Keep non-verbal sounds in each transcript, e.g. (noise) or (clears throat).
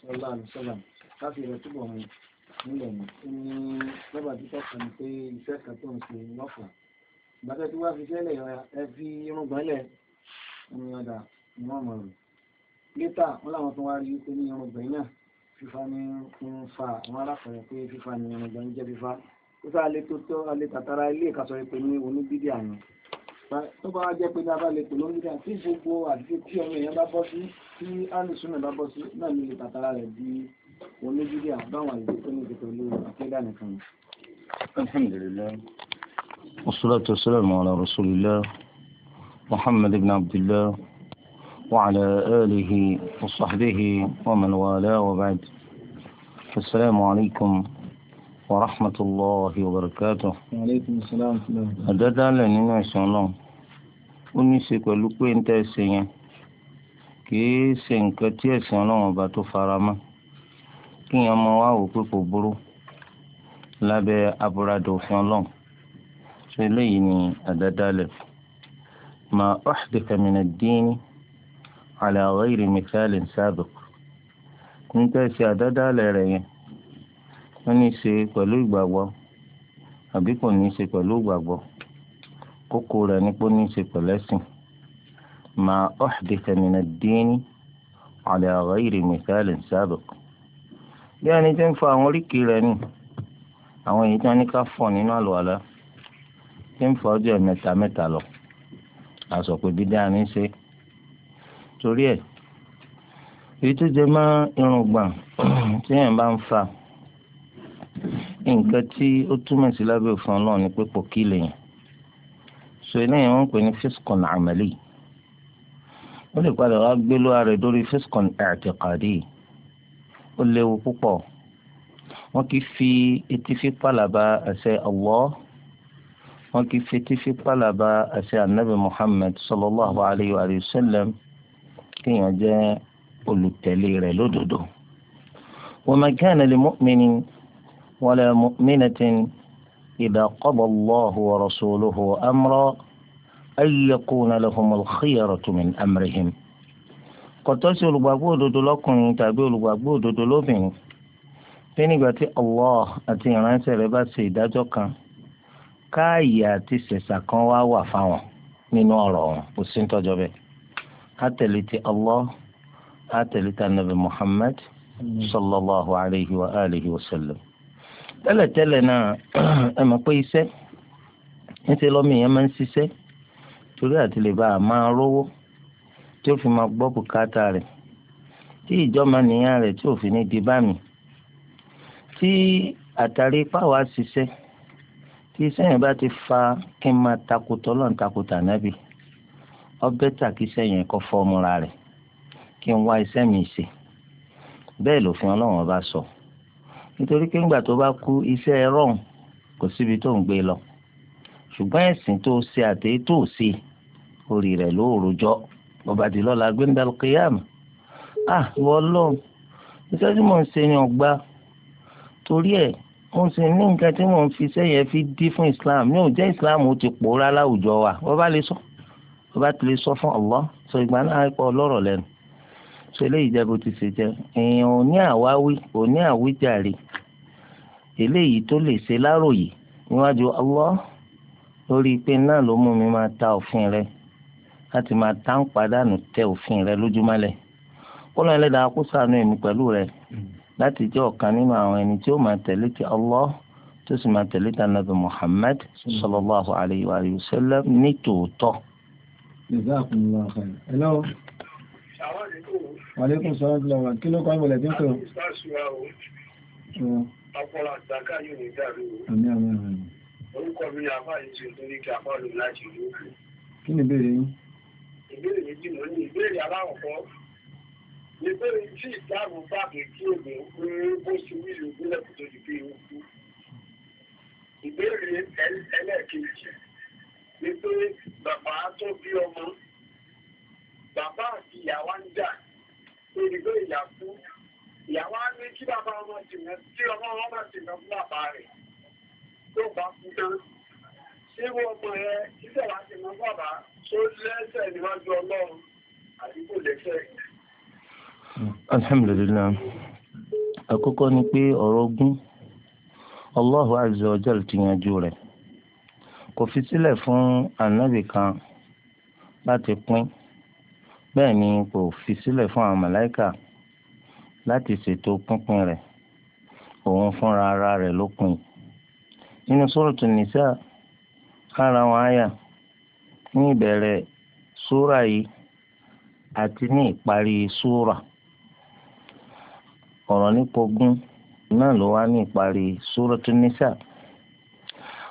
sọ́lá àlùsọ́lá láti rẹ̀ túbọ̀ mu nílẹ̀ ní lọ́ba tí tọ́ka ni pé iṣẹ́ kan tó ń ṣe lọ́fà ìgbàtẹ́ tí wàá fi sẹ́lẹ̀ ẹ fi irun gbọ́lẹ̀ ní ọ̀dà ni wọ́n mọ̀ rẹ̀ lẹ́tà wọn làwọn tó wá rí pé ní irun gbẹ̀yìn náà fífa ní ń fa àwọn alákọ̀ọ́yẹ pé fífa ní irun jẹ́ fífa ó sáà lè tó tó alẹ́ tàtàrà ilé ìkàsọ̀ ìpè ní oníbídìí àná tó bá jẹ́ pé dábà lè pè lórí kan tí gbogbo àti tí ọmọ èèyàn bá bọ́ sí tí alùsùnà bá bọ́ sí náà ní tàtàrà rẹ̀ di oníjíríà báwọn àyè tó ní ìdíkọ̀ lórí akéda nìkan. alhamdulilayi wasalaatu wasalaamu ala rasulillah muhammad ibn abdillah wa ala alihi wa sahbihi wa man wala wa ba'd asalaamu alaykum wa rahmatulahi wa barakatuh. wa aleykum salaam. àdádálẹ̀ nínú ẹ̀sán náà ó ní í ṣe pẹ̀lú pé ń tẹ́ ṣe yẹn kìí ṣe nǹkan tí ẹ̀sìn ọlọ́run ọba tó fara mọ́ kí yẹn mọ wá wò pé kò burú lábẹ́ aburada òfin ọlọ́run ṣe eléyìí ni àdádálẹ̀ ma uhdika min ad-din ala ghayri mithalin sabiq ń tẹ́ ṣe àdádálẹ̀ rẹ̀ yẹn ó ní í ṣe pẹ̀lú ìgbàgbọ́ àbí kò ní í ṣe pẹ̀lú ìgbàgbọ́ kókó rẹ̀ nípò ní ṣe pẹ̀lẹ́sìn ma uhditha min ad-dini ala ghayri mithalin sabiq bí ẹni tí ń fọ àwọn oríkèé rẹ̀ nì àwọn èyí tí wọ́n ní ká fọ̀ nínú àlùwàlá tí ń fọ ọjọ́ mẹ́ta mẹ́ta lọ àṣọ pé dídá ní ṣe torí ẹ̀ èyí tó jẹ mọ́ irùngbọ̀n (clears throat) tí èèyàn bá ń fa nǹkan tí ó túmọ̀ sí lábẹ́ òfin ọlọ́run ní pé pọ̀ kí lèèyàn so eléyìí wọ́n ń pè ní fiskon amali ó lè padà wá gbé lóra rẹ̀ dórí fiskon ẹ̀ẹ́dẹ̀kàdì ó léwu púpọ̀ wọ́n kì í fi etí fi pàlàbà àṣẹ Allah wọ́n kì í fi etí fi pàlàbà àṣẹ anabi Muhammad sallallahu alayhi wa sallam kéèyàn jẹ́ olùtẹ̀lé rẹ̀ lódodo. wa ma kana li mu'minin wala mu'minatin idha qada Allahu wa rasuluhu amra an yakuna lahumul khiyaratu min amrihim kò tọ́ sí olùgbàgbọ́ òdodo lọ́kùnrin tàbí olùgbàgbọ́ òdodo lóbìnrin pé nígbà tí Allah àti ìránṣẹ́ rẹ̀ bá ṣe ìdájọ́ kan káàyè àti ṣẹ̀ṣà kan wá wà fáwọn nínú ọ̀rọ̀ wọn kò sí nítọ́jọ́ bẹ́ẹ̀ àtẹ̀lé ti Allah àtẹ̀lé ti anabi Muhammad sallallahu alayhi wa alihi wa sallam tẹ́lẹ̀tẹ́lẹ̀ náà (clears throat) ẹ mọ̀ pé iṣẹ́ ń ṣe lọ́mọ ìyẹn máa ń ṣiṣẹ́ torí àti lè bá a máa rówó tí ó fi máa gbọ́ bùkátà rẹ̀ tí ìjọba nìyàn rẹ̀ tí òfin ní di bá mi tí àtàrí pàwọ́ àṣìṣe tí sẹ́yìn bá ti fa kí n máa takòtò lọ́n takòtò ànábì ọbẹ̀ tà kí sẹ́yìn kọ́ fọ́ọ̀mùra rẹ̀ kí n wá iṣẹ́ mi ṣe bẹ́ẹ̀ lòfin ọlọ́run bá sọ nítorí pé ńgbà tó bá kú iṣẹ́ ẹ̀rọ̀n kò síbi tó ń gbé lọ ṣùgbọ́n ẹ̀sìn tó ṣe àtẹ̀yí tó ṣe orí rẹ̀ ló rojọ́ bàbá tí lọ́la gbẹ́ndàlù kìyàmù ah ìwọ ọlọ́run iṣẹ́ tí mò ń ṣe ni ọ̀gbá torí ẹ̀ mo sì ní nǹkan tí mò ń fi iṣẹ́ yẹn fi dí fún islam ní òjẹ́ islam ó ti pòórá láwùjọ wa bàbá lè sọ bàbá ti lè sọ fún Allah sọ ìgbà náà pọ̀ ọlọ́rọ̀ lẹ́nu sọ eléyìí jẹ́ bó ti ṣe jẹ́ èèyàn ò ní àwáwí ò ní àwíjàre eléyìí tó lè ṣe láròyè níwájú Allah lórí pé náà ló mú mi máa ta òfin rẹ̀ láti máa tá ń padànù tẹ òfin rẹ lójúmọ́lẹ̀ kọ́lọ́ ẹlẹ́dàá kó ṣàánú èmi pẹ̀lú rẹ láti jẹ́ ọ̀kan nínú àwọn ẹni tí ó máa tẹ̀lé ti Allah tó sì máa tẹ̀lé ti anabi Muhammad sallallahu alayhi wa sallam ní tòótọ́. jazakumullahu khairan. hello. wàlẹ́kùn sọ́wọ́n ti lọ wà kí ló kọ́ ìbọ̀lẹ̀ tí ń sọ̀rọ̀. ọpọlọ àtàkà yóò ní dàrú. àmín àmín àmín. orúkọ mi ni àfáà yìí ṣe nítorí kí àfáà lò láti ìlú òkè. kí ni ìbéèrè yín ìbéèrè méjì mo ní ìbéèrè aláwọ̀kọ́ ní pé tí ìdáàbò bá mi kí èmi pé bó ṣe wíìlì ìgbélẹ̀ kò tó di pé ó kú. ìbéèrè ẹlẹ́ẹ̀kejì ní pé bàbá tó bí ọmọ bàbá àti ìyàwó ń jà pé ìgbé ìyà kú ìyàwó á ní kí bàbá ọmọ jìnnà kí ọmọ ọmọ jìnnà fún bàbá rẹ̀ tó bá kú tán. Ṣíwọ́ ọmọ ẹ títẹ̀ wá sí mú bàbá tó lẹ́sẹ̀ níwájú ọlọ́run àti kò lẹ́sẹ̀. Alhamdulillah. Àkọ́kọ́ ni pé ọ̀rọ̀ ogún, Allahu Azza wa Jal ti yanjú rẹ̀. Kò fi sílẹ̀ fún ànábì kan láti pín. Bẹ́ẹ̀ ni kò fi sílẹ̀ fún àwọn màláìkà láti ṣètò pínpín rẹ̀. Òun fúnra ara rẹ̀ ló pín. Nínú Sūratu Nisā'. lára wọn àyà ní ìbẹ̀rẹ̀ súrà yìí àti ní ìparí súrà ọ̀rọ̀ nípa náà ló wá ní ìparí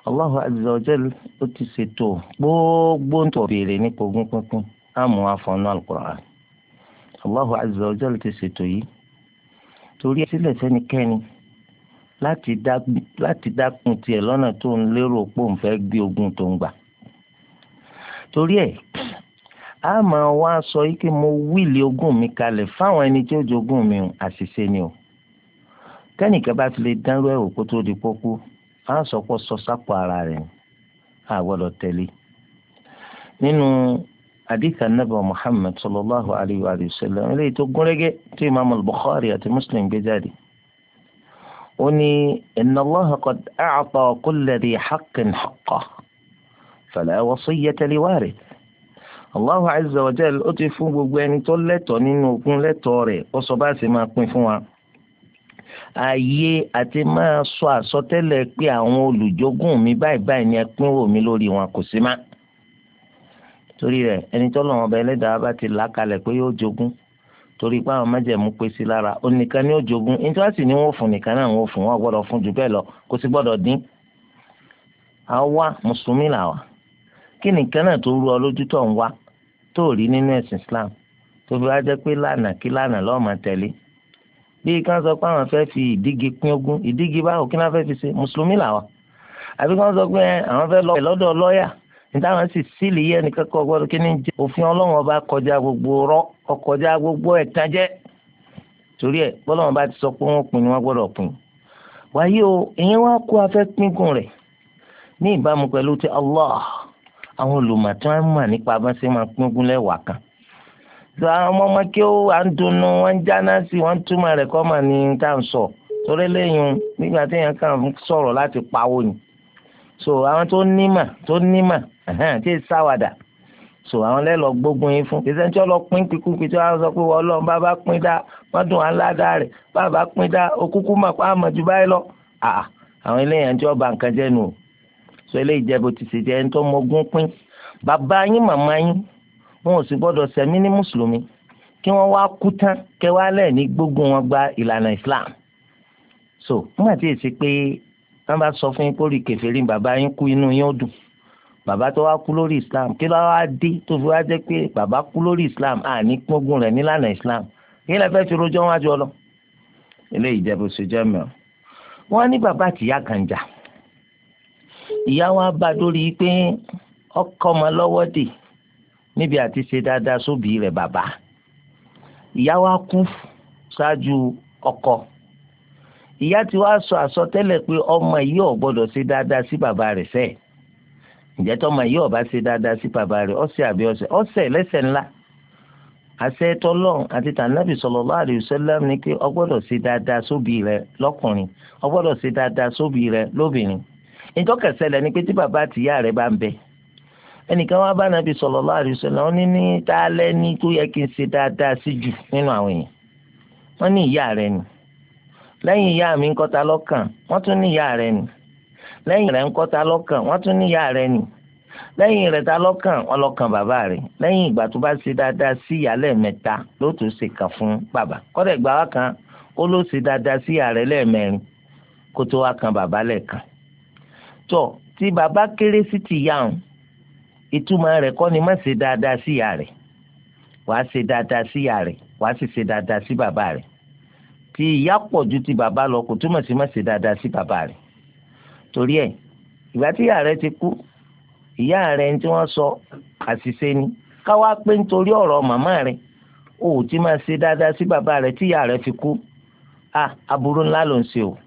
Allahu azza wa jal ó ti ṣètò gbogbo tó béèrè nípa pínpín àmọ́ àfọ̀nà Allahu azza wa jal ti ṣètò yìí torí ẹ sílẹ̀ láti dákun tiẹ̀ lọ́nà tó ń lérò pò ń fẹ́ gbé ogun tó ń gbà. torí ẹ̀ a máa wá sọ yìí kí mo wíìlì ogún mi kalẹ̀ fáwọn ẹni tí ó jogún mi àṣìṣe ni o kẹ́nìkan bá ti lè dánrú ẹ̀ òkú tó di pọ́kú á sọ pé sọ sápò ara rẹ̀ á gbọ́dọ̀ tẹ̀lé. nínú àdìkà nàbà Muhammad sallallahu alayhi wa sallam eléyìí tó gúnrégé tí Imam al-Bukhari àti Muslim gbé jáde ó ní inna Allaha qad a'ta kulla dhi haqqin haqqahu fala wasiyyata li warith Allahu azza wa jalla ó ti fún gbogbo ẹni tó lẹ́tọ̀ọ́ nínú ogún lẹ́tọ̀ọ́ rẹ̀ ó sọ bá a sì máa pín fún wa ààyè àti máa sọ àsọtẹ́lẹ̀ pé àwọn olùjogún mi báyìí báyìí ni ẹ pín wò mí lórí wọn kò sí má torí rẹ̀ ẹni tó lọ́wọ́ ọba ẹlẹ́dàá bá ti là kalẹ̀ pé yóò jogún torí pé àwọn májẹ̀mú pé sí lára onìkan ni ó jogún íńtánẹ́ẹ̀tì ni wọ́n fún nìkan náà wọ́n fún wọn gbọ́dọ̀ fún jù bẹ́ẹ̀ lọ kó sì gbọ́dọ̀ dín. àwa mùsùlùmí làwà kí nìkan náà tó rú ọ lójú tó ń wá tó rí nínú ẹ̀sìn Islam tó fi wá jẹ́ pé lánàá kí lánàá lọ́ọ́ máa tẹ̀lé. bí kan sọ pé àwọn fẹ́ fi ìdígi pín ogún ìdígi báwo kí náà fẹ́ fi ṣe mùsùlùmí làwà àbí kan sọ pé àwọn fẹ́ lọ nítawọn sì sílì yẹ nìkan kọ gbọ́dọ̀ kí ni jẹ òfin Ọlọ́run ọba kọjá gbogbo rọ ọkọjá gbogbo ẹ̀tàn jẹ torí ẹ bọ́lọ́run bá ti sọ pé wọ́n pin ni wọ́n gbọ́dọ̀ pin wáyé o ìyẹn wá kó afẹ pínkùn rẹ ní ìbámu pẹ̀lú ti Allah àwọn olùmọ̀tán mọ̀ nípa bá ṣe máa pínkùn lẹ́wàá kan sọ àwọn ọmọ ọmọ kí ó à ń dunnú wọn ń jáná sí wọn ń túmọ̀ rẹ̀ kọ́ mà ní tá sọ torí lẹ́yìn nígbà téèyàn kàn sọ̀rọ̀ láti pawó ni so àwọn tó nímà tó nímà tí ì sáwàdà so àwọn lẹ́lọ́ gbógun yín fún kìsẹ́ tí wọ́n lọ pín kíkú kí tí wọ́n sọ pé wọ́n lọ́n bá bá pín dá wọ́n dùn án ládàá rẹ̀ bá bá pín dá okúkú mà pa àmọ̀ jù báyìí lọ. àwọn eléyàn tí wọ́n ba nǹkan jẹ́ nù so eléyìí jẹ́ bó ti ṣe jẹ́ ẹni tó mọ́gún pín bàbá yín màmá yín wọn ò sì gbọ́dọ̀ sẹ́mí ní mùsùlùmí kí wọ́n wá kú tán kẹwàá ní gbógun wọn gba ìlànà Islam so nígbà tí èsì pé wọ́n bá sọ fún yín kórìí kèfèrí bàbá yín kú inú yín ó dùn bàbá tó wá kú lórí islam kí ló wá dé tó fi wá jẹ́ pé bàbá kú lórí islam àní pọ́gùn rẹ̀ nílànà islam kí lè fẹ́ fi rojọ́ wájú ọ lọ. eléyìí jẹ́ bó mi o. wọ́n ní bàbá àtìyá kan jà ìyá wa bá dórí pé ọkọ ọmọ lọ́wọ́ dè níbi àti ṣe dáadáa sóbì rẹ̀ bàbá ìyá wa kú ṣáájú ọkọ ìyá tí wàá sọ àsọtẹ́lẹ̀ pé ọmọ yìí ò gbọ́dọ̀ ṣe dáadáa sí bàbá rẹ̀ sẹ́ẹ̀ ǹjẹ́ tọ́mọ yìí ọba ṣe dáadáa sí bàbá rẹ̀ ọ̀sẹ̀ àbí ọ̀sẹ̀ ọ̀sẹ̀ lẹ́sẹ̀ ńlá àṣẹ tọlọ́run àti tànàbì sallallahu alaihi wasallam ni pé ọgbọ́dọ̀ ṣe dáadáa sóbì rẹ̀ lọ́kùnrin ọgbọ́dọ̀ ṣe dáadáa sóbì rẹ̀ lóbìnrin ìjọkẹsẹlẹ ni pé tí bàbá àtìyá rẹ̀ bá ń bẹ ẹnìkan wá bá nàbì sallallahu alaihi wasallam ó ní ní tálẹ ní tó yẹ kí n ṣe dáadáa sí jù nínú àwọn èèyàn wọ́n ní ní lẹ́yìn rẹ̀ ń kọ́ta lọ́kàn wọ́n tún níyà rẹ̀ ni lẹ́yìn rẹ̀ ta lọ́kàn wọn lọ́kàn bàbá rẹ̀ lẹ́yìn ìgbà tó bá ṣe dáadáa sí ìyálẹ̀ mẹ́ta ló tó ṣe kàn fún bàbá kọ́dà ìgbà wa kan ó ló ṣe dáadáa sí ìyá rẹ̀ lẹ́ẹ̀mẹ́rin kó tó wá kan bàbá lẹ́ẹ̀kan. tọ́ tí bàbá kéré sí ti yá òun ìtumọ̀ rẹ̀ kọ́ ni má ṣe dáadáa sí ìyá rẹ̀ wàá ṣe dáadáa sí ìyá rẹ̀ wàá sì ṣe dáadáa sí bàbá rẹ̀ tí ìyá pọ̀ ju ti bàbá lọ kò túmọ̀ sí má ṣe dáadáa sí bàbá rẹ̀ torí ẹ̀ ìgbà tí ìyá rẹ ti kú ìyá rẹ ní tí wọ́n sọ àṣìṣe ni káwá pé nítorí ọ̀rọ̀ màmá rẹ o ò ti máa ṣe dáadáa sí bàbá rẹ tí ìyá rẹ fi kú a aburú ńlá ló ń ṣe o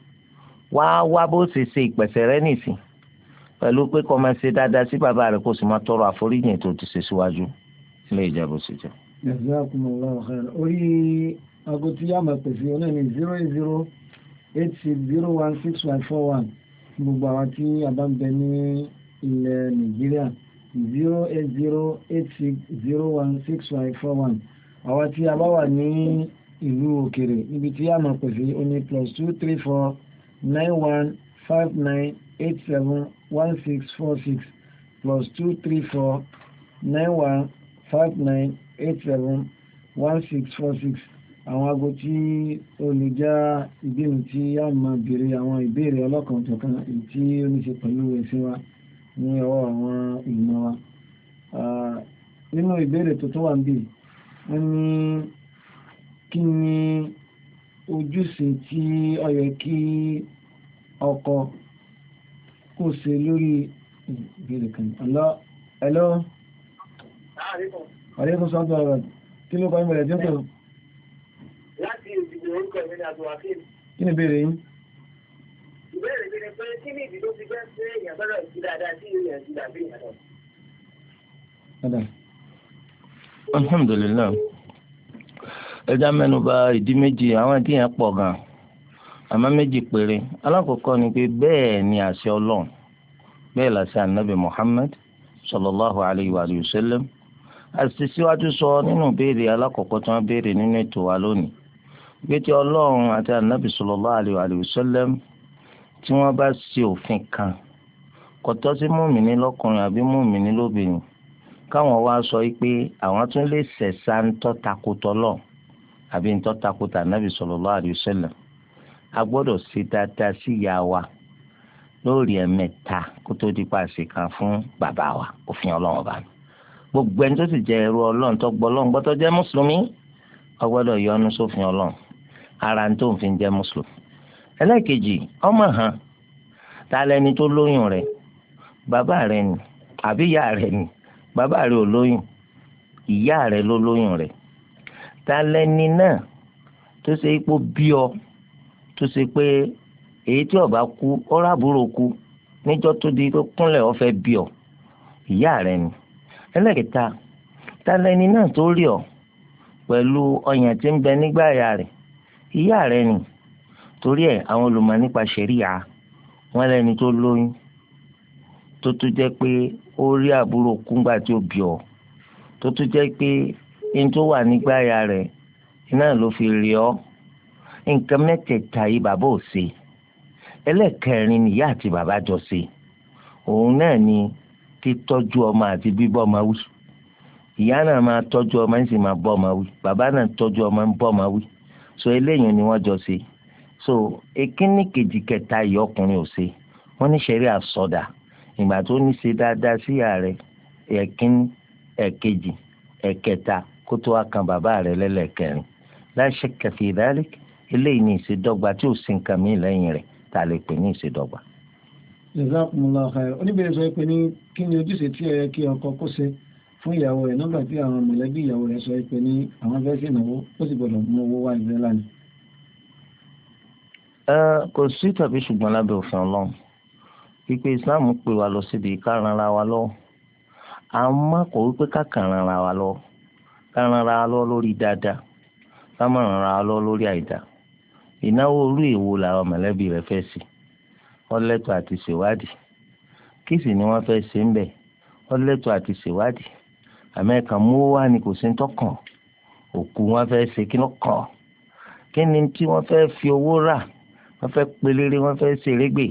wá wá bó ṣe ṣe ìpẹ̀sẹ̀ rẹ nìsín pẹ̀lú pé kó máa ṣe dáadáa sí bàbá rẹ kó sì máa tọrọ àforíjìn tó ti ṣe síwájú ilé ìjẹ́bù sí jẹ́. jazakumullahu khairan orí aago tí yá máa pèsè ọ ní zero eight zero eight six zero one six one four one sí gbogbo àwọn tí a bá ń bẹ ní ilẹ̀ nàìjíríà zero eight zero eight six zero one six five four one àwọn tí a bá wà ní ìlú òkèrè níbi tí a mọ̀ pèsè oní plus two three four nine one five nine eight seven one six four six plus two three four nine one five nine eight seven one six four six àwọn aago tí olùjá ìbéèrè tí a máa béèrè àwọn ìbéèrè ọlọ́kanòjọ̀kan tí ó ní ṣe pẹ̀lú ẹ̀sìn wa ní ọwọ́ àwọn ìmọ̀ wa nínú ìbéèrè tó tún wà ń bì wọ́n ní kí ni ojúṣe tí ó yẹ kí ọkọ kó ṣe lórí ìbéèrè kan ọlọ́ ẹ̀lọ́ àríkùn sọ́tọ̀ ọ̀rọ̀ kí ló kọ́ ìbẹ̀rẹ̀ tí ó kọ̀ Kí ni ìbéèrè yín? Ìbéèrè mi ni pé kí ni ìdí ló fi jẹ́ pé èèyàn gbọ́dọ̀ sí dáadáa sí èèyàn sí dàbí ìyàtọ̀? Alhamdulillah. Ẹja mẹ́nu bà ìdí méjì àwọn ìdí yẹn pọ̀ gan-an. Àmọ́ méjì péré. Alákọ̀ọ́kọ́ ni pé bẹ́ẹ̀ ni àṣẹ Ọlọ́run. Bẹ́ẹ̀ làṣẹ ànábì Muhammad sallallahu alayhi wa sallam. Àṣìṣíwájú sọ nínú ìbéèrè alákọ̀ọ́kọ́ tí wọ́n béèrè nínú ètò wa lónìí pé tí ọlọ́run àti anabi sallallahu alaihi wa sallam tí wọ́n bá ṣe òfin kan kò tọ́ sí mùmíní lọ́kùnrin àbí mùmíní lóbìnrin káwọn wá sọ pé àwọn tún lè ṣẹ̀ṣà ń tọ́ takotọ́ lọ àbí ń tọ́ takotọ́ anabi sallallahu alaihi wa a gbọ́dọ̀ ṣe dáadáa sí ìyá wa lórí ẹ̀mẹ́ta kó tó di paṣẹ kan fún bàbá wa òfin ọlọ́run bá mi gbogbo ẹni tó sì jẹ́ ẹrú ọlọ́run tó gbọ́ ọlọ́run gbọ́tọ́ jẹ́ mùsùlùmí ó gbọ́dọ̀ yọ́nú sófin ọlọ́run ara tó ń fi jẹ́ mùsùlùmí. ẹlẹ́ẹ̀kejì ọmọ hàn ta lẹni tó lóyún rẹ̀ bàbá rẹ̀ ni àbí ìyá rẹ̀ ni bàbá rẹ̀ ò lóyún ìyá rẹ̀ ló lóyún rẹ̀ ta lẹni náà tó ṣe ipò bí ọ tó ṣe pé èyí tí ọba kú ọ̀rọ̀ àbúrò kú níjọ́ tó di pé kúnlẹ̀ ọ̀fẹ́ bí ọ ìyá rẹ̀ ni ẹlẹ́kẹta ta lẹni náà tó rí ọ pẹ̀lú ọyàn tí ń bẹ nígbà ìyá rẹ̀ ìyá rẹ nì torí ẹ̀ àwọn olùmọ̀ nípa ṣẹ̀ríà wọ́n lẹ́ni tó lóyún tó tún jẹ́ pé ó rí àbúrò kúngbà tí ó bí ọ tó tún jẹ́ pé ẹni tó wà nígbà ya rẹ̀ iná ló fi rí ọ nǹkan mẹ́tẹ̀ẹ̀ta yìí bàbá ò ṣe ẹlẹ́ẹ̀kẹrin nìyá àti bàbá jọ ṣe òun náà ni títọ́jú ọmọ àti bíbọ́ ọmọ wí ìyá náà máa tọ́jú ọmọ ń sì máa bọ́ ọmọ wí bàbá náà tọ́jú ọmọ ń bọ́ ọmọ wí so eléyìí ni wọ́n jọ ṣe so ekínní kejì kẹta yìí ọkùnrin ò ṣe wọ́n ní sẹ́rí àsọdà ìgbà tó ní ṣe dáadáa sí ààrẹ ẹ̀kínní ẹ̀kejì ẹ̀kẹta kó tó wá kan bàbá rẹ̀ lẹ́lẹ́kẹrin láṣẹ kẹfì ìdálẹ́ eléyìí ni ìṣèdọ́gba tí ò sí nǹkan mí lẹ́yìn rẹ̀ tá a lè pè ní ìṣèdọ́gba. jazakumullahu khair oníbẹ̀rẹ̀ sọ pé ní kí ni ojúṣe tí ẹ yẹ kí ọkọ kó ṣe fún ìyàwó rẹ̀ nígbà tí àwọn mọ̀lẹ́bí ìyàwó rẹ̀ sọ pé ní àwọn fẹ́ sí ìnáwó ó sì gbọ́dọ̀ mú owó wá ìfẹ́ lánàá. ẹ kò sí tàbí ṣùgbọ́n lábẹ́ òfin ọlọ́run pípé islam pè wá lọ síbi káranra wa lọ àmọ́ kò wípé ká kàranra wa lọ kàranra wa lọ lórí dáadáa ká wa lọ lórí àìdá ìnáwó orí èwo làwọn mọ̀lẹ́bí rẹ̀ fẹ́ sí ọlẹ́tọ̀ àti ṣèwádìí kí sì ni wọ́n fẹ́ ṣe ń bẹ̀ ọlẹ́tọ̀ àti ṣèwádìí amẹ́ka mú wá ni kò sí ń tọkàn òkú wọn fẹ́ ṣe kí ló kàn kí ni tí wọ́n fẹ́ fi owó rà wọ́n fẹ́ pelére wọ́n fẹ́ ṣèrégbè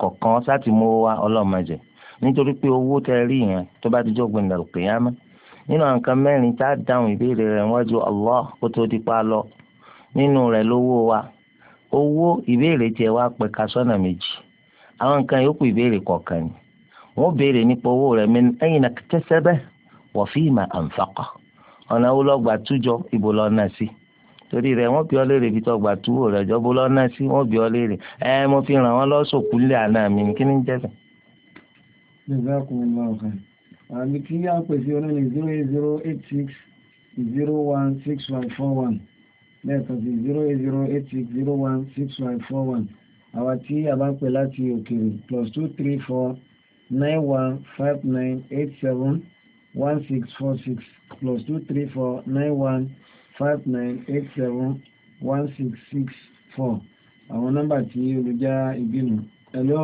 kọ̀ọ̀kan sáti mú wá ọlọ́mọdé nítorí pé owó tẹ rí yẹn tó bá dijọ́ gbìn dàrú kìyàmá nínú nǹkan mẹ́rin tá a dáhùn ìbéèrè rẹ̀ wájú Allah kó tó di pa lọ nínú rẹ̀ lówó wa owó ìbéèrè tiẹ̀ wá pẹ̀ka sọ́nà méjì àwọn nǹkan yòókù ìbéèrè kọ̀ọ̀kan ni wọ́n béèrè nípa owó rẹ̀ min ayna ktasaba wọ̀fíìmà ànfàkọ̀ ọ̀nà wo lọ́gbà tújọ ìbò lọ́nà sí torí rẹ̀ wọ́n bí ọ léèrè bí tọgbà túwò rẹ̀ jọ́bó lọ́nà sí wọ́n bí ọ léèrè ẹ mo fi ràn wọ́n lọ́sọ̀kú lé àná mi kí ni jẹ́sẹ̀. àmì kí á pèsè ọ̀nà ní zero eight zero eight six zero one six one four one lẹ́ẹ̀kan sí zero eight zero eight six zero one six one four one àwa tí a bá ń pè láti òkèèrè plus two three four nine one five nine eight seven one six four six plus two three four nine one five nine eight seven one six six four àwọn nọ́mbà tí olùjá ìgbìmọ̀ ẹ̀lọ́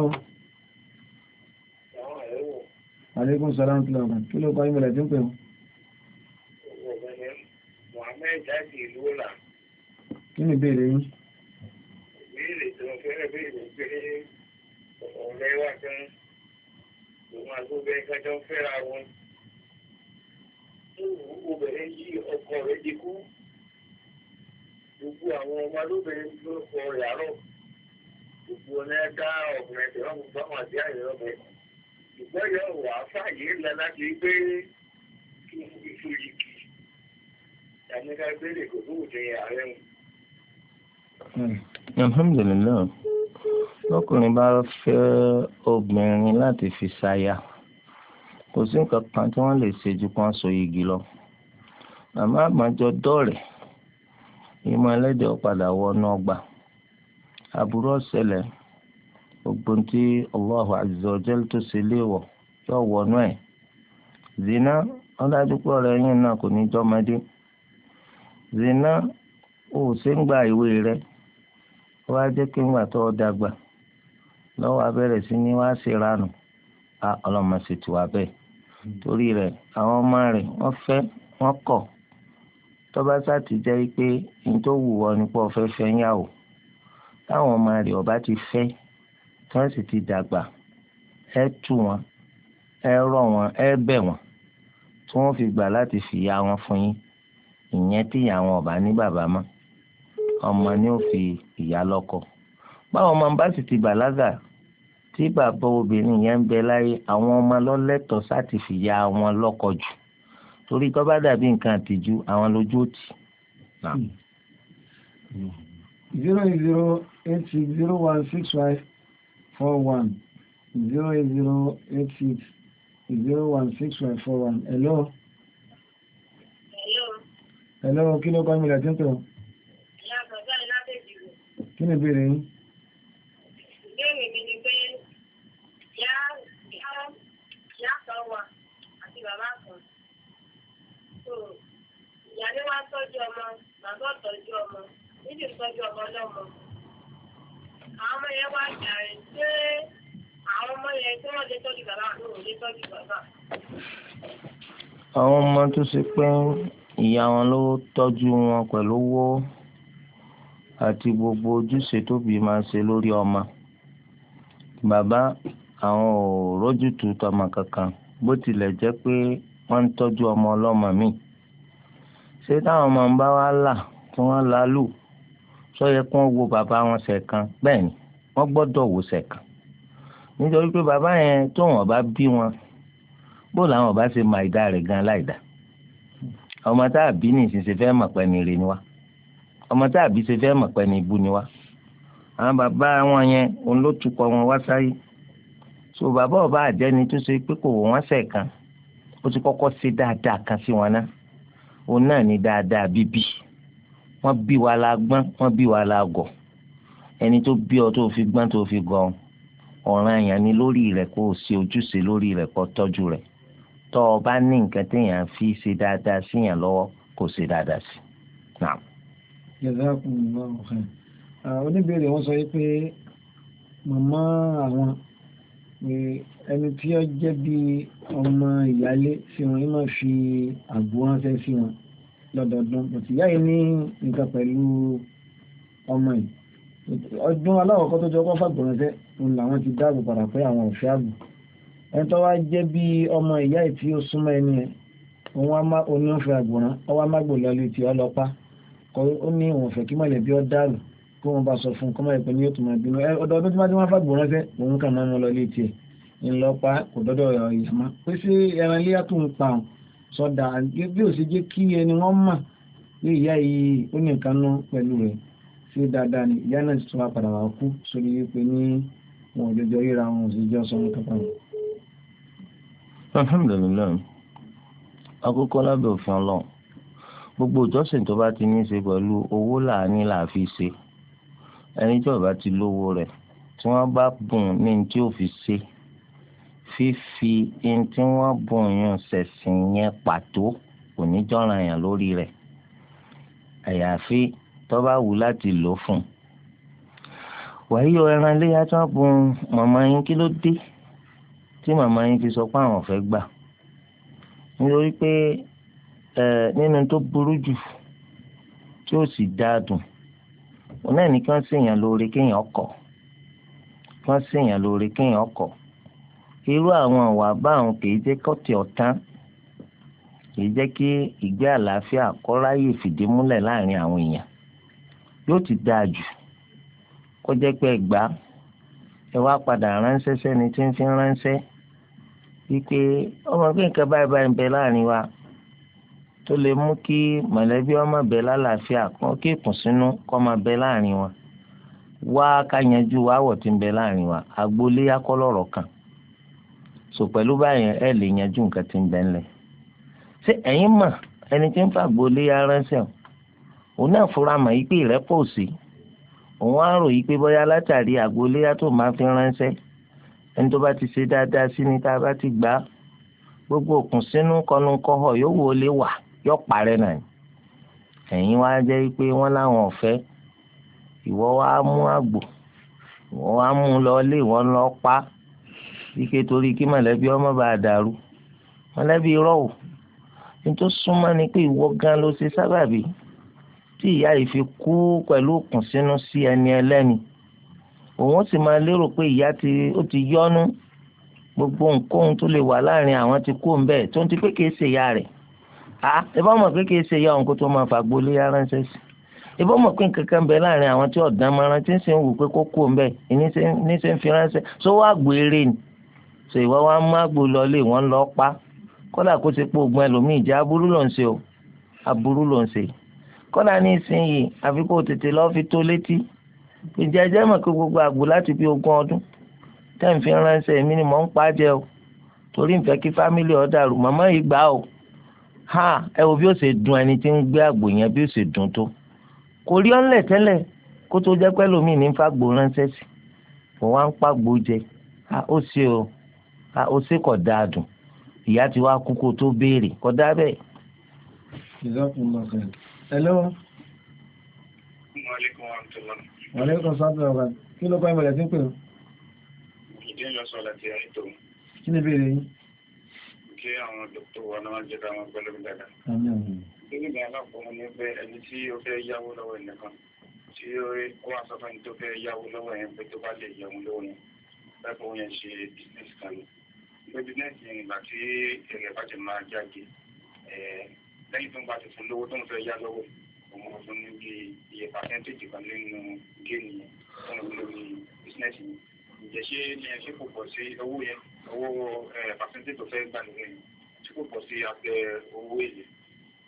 aleykum salaam tí lọ́gbà kí ló kọ́ ìmọ̀lẹ̀ tí ń pè wọ́n. Mohammed jáde ìlú ọ̀la. kí ni ìbéèrè yín. ìbéèrè tí mo fẹ́rẹ̀ béèrè pé ọ̀rẹ́ wà tán òun àgbóbẹ́ kájọ́ fẹ́ra wọn yí ọkọ rẹ̀ ti kú gbogbo àwọn ọmọ lóbìnrin ló kọ rẹ̀ àárọ̀ gbogbo ọ̀nà ẹ̀dá ọ̀gbìn ẹ̀dẹ̀ wọn gbọ́ wọn àti àyè ọ̀bẹ ṣùgbọ́n yọ wà fàyè ńlá láti gbé kí n fi sórí kì í tàbí ká gbé lè gbogbo òde ààrẹ wọn. alhamdulilayi lọkùnrin bá fẹ́ obìnrin láti fi ṣaya kò sí nǹkan kan tí wọ́n lè ṣe ju kí so igi lọ. àmọ́ àgbọ̀njọ dọ́ọ̀rẹ̀ ìmọ̀ ẹlẹ́dẹ̀ padà wọnú ọgbà àbúrò ọ̀sẹ̀lẹ̀ ogun tí Allahu azza wa tó ṣe léèwọ̀ yóò wọnú ẹ̀ zina ọ̀làdúpọ̀ rẹ̀ yín náà kò ní zina ò ṣe ń gba ìwé rẹ̀ wá jẹ́ kí ńgbà tó dàgbà lọ́wọ́ abẹ́rẹ́ sí ni wá ṣe ranù a ọlọ́mọ sì ti tọ́ba sá ti jẹ́ pé ní tó wù ọ nípa ọ̀fẹ́ fẹ́ yàwó táwọn ọmọ rẹ̀ ọba ti fẹ́ tí wọ́n sì ti dàgbà ẹ tù wọn ẹ rọ̀ wọn ẹ bẹ̀ wọn tí wọ́n fi gbà láti fìyà wọn fún yín ìyẹn tí ìyá ọba ní bàbá mọ́ ọmọ ni ó fi ìyá lọ́kọ báwọn ọmọ bá sì ti bàlágà tí bàbá obìnrin yẹn ń bẹ láyé àwọn ọmọ lọ́lẹ́tọ̀ọ́ sáti fìyà wọn lọ́kọ jù torí tó bá dàbí nǹkan àtijú àwọn lójú ò tì. zero eight zero eight six zero one six five four one zero eight zero eight six zero one six five four one hello. hello. hello kí ló kọ́ mi láti ń tọ̀. ìyá àgbàdo àyìnlá bèjì rò. kí ni ìbéèrè yín. ìbéèrè mi ìyá ni wá tọ́jú ọmọ bàbá ọ̀tọ́jú ọmọ níbi ìtọ́jú ọmọ lọ́mọ. àwọn ọmọ yẹn wá jàre pé àwọn ọmọ yẹn tí wọ́n lè tọ́jú bàbá àti òun lè tọ́jú bàbá. àwọn ọmọ tó ṣe pé ìyá wọn ló tọ́jú wọn pẹ̀lú owó àti gbogbo ojúṣe tóbi máa ṣe lórí ọmọ bàbá àwọn ò rójútùú tọmọ kankan bó tilẹ̀ jẹ́ pé wọ́n ń tọ́jú ọmọ ọlọ́mọ mi ṣé táwọn ọmọ ń bá wa là tí wọ́n la lù sọ yẹ kí wọ́n wo bàbá wọn ṣẹ̀kan bẹ́ẹ̀ ni wọ́n gbọ́dọ̀ wò ṣẹ̀kan nítorí pé bàbá yẹn tó wọn bá bí wọn bó làwọn bá ṣe máa ìdá rẹ̀ gan láìdá ọmọ tá a bí ní ìṣiṣẹ́ fẹ́ mọ̀ pẹ́ ni rè ni wá ọmọ tá a bí ṣe fẹ́ mọ̀ pẹ́ ni ibú ni wá àwọn bàbá wọn yẹn òun ló tukọ̀ wọn wá sáyé so bàbá ọba àjẹni tó ṣe pé kò wọ́n ṣẹ̀kan ó ti kọ́kọ́ ṣe dáadáa kan sí wọn náà òun náà ní dáadáa bíbí wọ́n bí wa la gbọ́n wọ́n bí wa la gọ̀ ẹni tó bí ọ tó fi gbọ́n tó fi gọ̀ ọ̀ràn èèyàn ni lórí rẹ̀ kó o ṣe ojúṣe lórí rẹ̀ kó tọ́jú rẹ̀ tọ́ ọ bá ní nǹkan téèyàn fi ṣe dáadáa sí yàn lọ́wọ́ kó ṣe dáadáa sí i. jazakumullahu khairan oníbèrè wọn sọ pé màmá àwọn pé ẹni tí ó jẹ́ bí ọmọ ìyálé sí wọn ìmọ̀ fi àgbò ránṣẹ́ sí wọn lọ́dọọdún bọ̀tí ìyá yìí ní nǹkan pẹ̀lú ọmọ yìí ọdún aláwọ̀kọ́ tó jọ kọ́ fàgbò ránṣẹ́ òun làwọn ti dáàbò padà pé àwọn òfin àgbò ẹni tó wá jẹ́ bí ọmọ ìyá yìí tí ó súnmọ́ ẹni ẹ̀ òun oníhùn fẹ́ àgbòrán ọwọ́ amágbòlọ́lẹ̀ tí ọ lọ pa ó ní òun fẹ́ kí mọ̀lẹ́bí ọ dàrú kó wọn bá sọ fún un kọ́ máa pẹ́ ní yóò tún máa bínú ọ̀dọ̀ ọdún tí wọ́n ti máa fàgbọ̀n ránṣẹ́ òun kà máa mú lọ lé tiẹ̀ ńlọpa kò dọ́dọ̀ ìyàmá pé ṣé ẹran ilé àtò ń pa òun sọdà bí ó ṣe jẹ́ kí ẹni wọ́n mà ní ìyá yìí ó ní nǹkan ná pẹ̀lú rẹ̀ ṣé dáadáa ni ìyá náà ti tún wá padà wá kú sórí wípé ní wọn ò jọjọ ríra wọn ò sì jọ sọ nǹkan pa alhamdulilayi akókó lábẹ́ òfin ọlọ́run gbogbo ìjọsìn tó bá ti ní í ṣe pẹ̀lú owó làání làá ẹni tí ọba ti lówó rẹ̀ tí wọ́n bá bùn ní tí ò fi ṣe fífi ẹni tí wọ́n bùn yàn ṣẹ̀sìn yẹn pàtó kò ní jọ́ra yàn lórí rẹ̀ àyàfi tó wù láti lò fún un. wàyí o ẹran ilé yàtọ̀ bùn màmá yín kí ló dé tí màmá yín fi sọ pé àwọn ò fẹ́ gbà nítorí pé nínú tó burú jù tí ó sì dáa òun náà ní kí wọ́n ṣèyàn lóore kéèyàn ọkọ̀ kí wọ́n ṣèyàn lóore kéèyàn ọkọ̀ irú àwọn àwà báwọn kì í jẹ́ kọ́tì ọ̀tán kì í jẹ́ kí ìgbé àlàáfíà kọ́ráyè fìdí múlẹ̀ láàrin àwọn èèyàn yóò ti dáa jù kó jẹ́ pé ẹgbà ẹ wá padà ránṣẹ́ sẹ́ni tí ń fi ránṣẹ́ wípé ọmọ pé nǹkan báyìí báyìí ń bẹ láàrin wa tó lè mú kí mọ̀lẹ́bí ọmọ bẹ lálàáfíà kan kí ìkùnsínú kọ́ máa bẹ láàrin wa wá káyanjú aáwọ̀ tí ń bẹ láàrin wa agboolé akọ́lọ́rọ̀ kan sọ pẹ̀lú báyẹn ẹ lè yanjú nǹkan tí ń bẹ ńlẹ̀ ṣé ẹ̀yin mọ̀ ẹni tí ń fa agboolé aránṣẹ́ o òun náà fura mọ̀ yí pé ìrẹ́pọ̀ òsì òun á rò yí pé bóyá látàrí agboolé tó máa fi ránṣẹ́ ẹni tó bá ti ṣe dáadáa sí ni tá a bá ti gbà á gbogbo òkùnsínú kọnu kọ́họ̀ yóò wọlé wà yọ parẹ́ náà ẹ̀yin wá jẹ́ pé wọ́n láwọn ọ̀fẹ́ ìwọ wá mú àgbò ìwọ wá mú lọ lé ìwọ ń lọ pa wíkẹ́ torí kí mọ̀lẹ́bí ọmọ bá dàrú mọ̀lẹ́bí irọ́ o nítorí súnmọ́ ni pé ìwọ gan ló ṣe sábàbí tí ìyá yìí fi kú pẹ̀lú òkùnsínú sí ẹni ẹlẹ́ni òun sì máa lérò pé ìyá ó ti yọ́nú gbogbo nǹkóhun tó lè wà láàrin àwọn ti kó ń bẹ́ẹ̀ tó ń ti pé kìí ṣe ìyá rẹ̀ Ah, ìbọn mọ̀ pé kì í ṣe ya òun kó tó máa fàgbó lé aránṣẹ́ sí ìbọn mọ̀ pé nǹkan kan bẹ láàrin àwọn tí ọ̀dàn mọ́ran tí ń ṣe wù pé kó kú òun bẹ́ẹ̀ ní ṣe ń fi ránṣẹ́ só wá àgbò ni ṣò ìwọ wa ń mú àgbò lọlé wọn lọ pa kódà kó ṣe pé ogun ẹlòmíì jẹ́ aburú ló ń ṣe o aburú ló ń ṣe kódà ní ìsinyìí àfi kó tètè lọ́ọ́ fi tó létí ìjẹ́ ẹjẹ́ mọ̀ pé gbogbo àgbò láti bí ogún ọdún tẹ́ ń fi ránṣẹ́ èmi ni mò ń pa o torí ń fẹ́ kí fámílì ọ̀ dàrú màmá yìí gbà o ha ẹ wo bí ó ṣe dùn ẹni tí ń gbé àgbò yẹn bí ó ṣe dùn tó kò rí ọ́nlẹ̀ tẹ́lẹ̀ kó tó jẹ́ pẹ́ lómi ní fàgbò ránṣẹ́ sí kò wá ń pàgbò jẹ a ó ṣe o a ó ṣe kọ̀ dáa dùn ìyá ti wá kú kó tó béèrè kọ́ dá bẹ́ẹ̀. hello. maaleykum sábẹ́ ọ̀gá kí ló kọ́ ẹ̀mọ̀lẹ́sìn pè é. ìdí ìyọ̀sọ̀ láti ẹni tó. kí ni ìbéèrè yín jẹ́ àwọn dókítà wa náà jẹ́ ká máa gbẹ́lẹ́mí Nínú ìgbà alákọ̀ọ́ ni pé ẹni tí ó fẹ́ yáwó lọ́wọ́ ẹnìkan tí ó rí kó àsọ́fẹ́ ní tó fẹ́ yáwó lọ́wọ́ yẹn pé tó bá lè yẹun lọ́wọ́ yẹn pẹ́pọ̀ yẹn ṣe bísínẹ́sì kan ní. Pé bísínẹ́sì yẹn ìgbà tí èrè bá ti máa jáde lẹ́yìn tó ń bá ti fún lówó tó ń fẹ́ yá lọ́wọ́ òun ọ̀tún ní bí iye pàṣẹ́ntéèjì kan nínú géèmì yẹn tó ń lórí bísínẹ́sì yẹn. Ìjẹ́ ni ẹ ṣe kò pọ̀ sí owó yẹn owó eh, pàṣẹ́ntì tó fẹ́ gbà nìyẹn tí kò pọ̀ sí abẹ́ owó èlé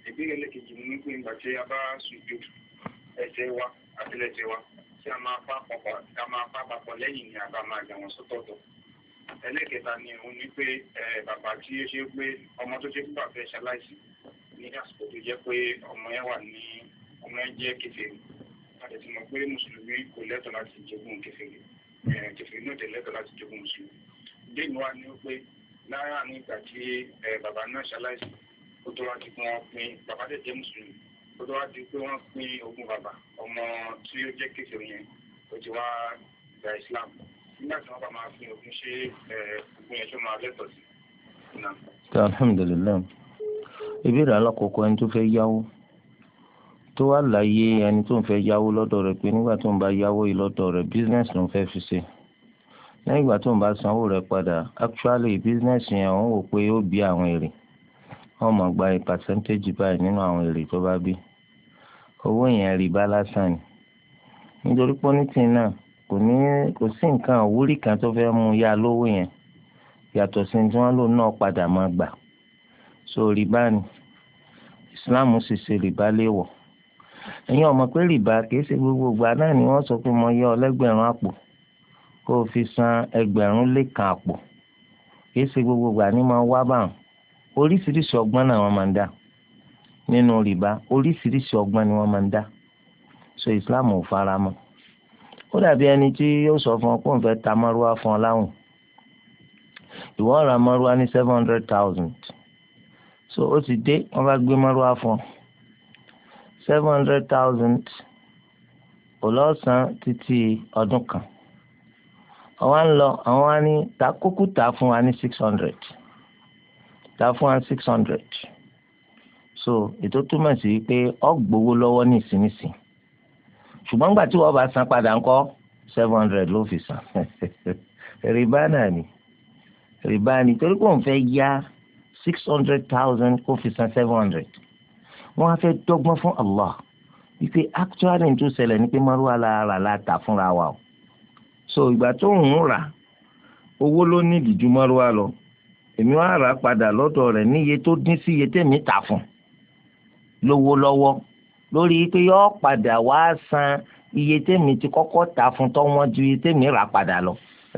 ìbéèrè lẹ́kẹ̀jì ni wípé ìgbà tí a bá ṣùjú ẹsẹ̀ wa àtẹlẹsẹ̀ wa tí a máa pa papọ̀ tí a máa pa papọ̀ lẹ́yìn ni a bá máa yà wọ́n sọ́tọ̀ọ̀tọ̀ ẹlẹ́kẹta ni òun ni pé eh, bàbá tí ó ṣe pé ọmọ tó ṣe fún bàbá ẹ̀ ṣaláìsí ní àsìkò tó jẹ́ pé ọmọ yẹn wà ní ọmọ yẹn jẹ́ kèfèrí àti mọ̀ pé mùsùlùmí kò lẹ́tọ̀ọ́ láti jogún kèfèrí eh, kèfèrí náà tẹ̀ lẹ́tọ̀ọ́ láti jogún mùsùlùmí ìbéèrè wa ni pé lára nígbà tí bàbá náà ṣaláìsí ó tó wá di pé wọ́n pín bàbá tètè mùsùlùmí ó tó wá di pé wọ́n pín ogún bàbá ọmọ tí ó jẹ́ kéfì yẹn ó ti wá gba Islam nígbà tí wọ́n bá máa pín ogún ṣé ogún yẹn ṣó máa lẹ́tọ̀ọ́ sí i. alhamdulilayi ìbéèrè alákọ̀ọ́kọ́ ẹni tó fẹ́ yáwó tó wà láyé ẹni tó ń fẹ́ yáwó lọ́dọ̀ rẹ̀ pé nígbà tó ń bá yáwó yìí lọ́dọ̀ rẹ̀ business ló ń fẹ́ fi ṣe lẹ́yìn ìgbà tó ń bá sanwó rẹ̀ padà actually business yẹn òun wò pé ó bí àwọn èrè wọ́n mọ̀ gba percentage báyìí nínú àwọn èrè tó bá bí owó yẹn rìbá lásán ni nítorí pọ́nítì náà kò ní kò sí nǹkan àwúrí kan tó fẹ́ mú ya lówó yẹn yàtọ̀ sí ní tí wọ́n lò náà padà máa gbà so rìbá ni Islam sì ṣe rìbá léèwọ̀ ẹ̀yin ọmọ pé rìbá kìí ṣe gbogbo ìgbà náà ni wọ́n sọ pé mo yá ọ lẹ́gbẹ̀rún àpò kó o fi san ẹgbẹ̀rún lé kan àpò kìí ṣe gbogbo ìgbà ni máa wá báwọn oríṣiríṣi ọgbọ́n náà wọ́n máa ń dá nínú rìbá oríṣiríṣi ọgbọ́n ni wọ́n máa ń dá so Islam ò fara mọ́ ó dàbí ẹni tí yóò sọ fún ọ pé òun fẹ́ ta mọ́rúwá fún ọ láwìn ìwọ ra mọ́rúwá ní seven hundred thousand so ó ti dé wọ́n bá gbé mọ́rúwá fún ọ seven hundred thousand ò lọ́sàn títí ọdún kan àwa ń lọ àwọn á ní ta kúkú ta fún wa ní six hundred ta fún wa six hundred so ètò túmọ̀ sí pé ọ gbowó lọ́wọ́ ní ìsinísìn ṣùgbọ́n gbà tí wọ́n bá san padà ńkọ́ seven hundred ló fi san (laughs) rìbá náà ni rìbá ni torí pé òun fẹ́ yá six hundred thousand kó fi san seven hundred wọ́n á fẹ́ dọ́gbọ́n fún Allah wípé actually ní tó ṣẹlẹ̀ ní pé mọ́rúwá la rà láta fúnra wa o so ìgbà tó ń rà owó ló ní ìdíjú márùwá lọ èmi wá rà padà lọ́dọ̀ rẹ̀ níye tó dín sí iye tèmi tà fún lówó lọ́wọ́ lórí pé yọ padà wá san iye tèmi ti kọ́kọ́ tà fún tó wọ́n ju iye tèmi rà padà lọ